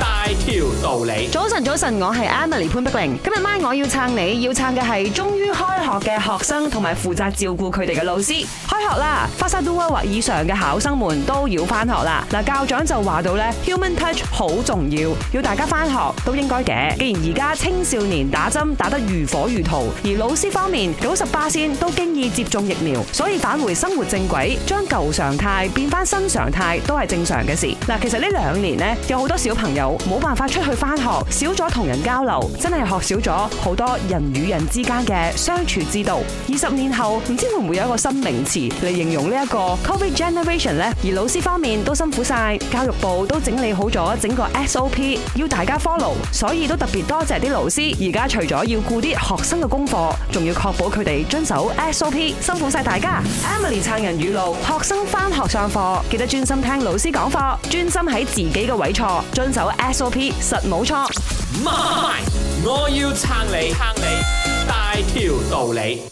大條道理。早晨，早晨，我係 Emily 潘碧玲。今日晚上我要撐你，要撐嘅係終於開學嘅學生同埋負責照顧佢哋嘅老師。開學啦 f a 都威或以上嘅考生們都要翻學啦。嗱，校長就話到呢 human touch 好重要，要大家翻學都應該嘅。既然而家青少年打針打得如火如荼，而老師方面九十八先都經已接種疫苗，所以返回生活正軌，將舊常態變翻新常態都係正常嘅事。嗱，其實呢兩年呢，有好多小朋友。冇辦法出去返學，少咗同人交流，真係學少咗好多人與人之間嘅相處之道。二十年後唔知會唔會有一個新名詞嚟形容呢一個 Covid Generation 呢？而老師方面都辛苦晒，教育部都整理好咗整個 SOP 要大家 follow，所以都特別多謝啲老師。而家除咗要顧啲學生嘅功課，仲要確保佢哋遵守 SOP，辛苦晒大家。Emily 撐人語錄：學生返學上課，記得專心聽老師講課，專心喺自己嘅位坐，遵守。SOP 實冇錯，我我要撐你，撐你大條道理。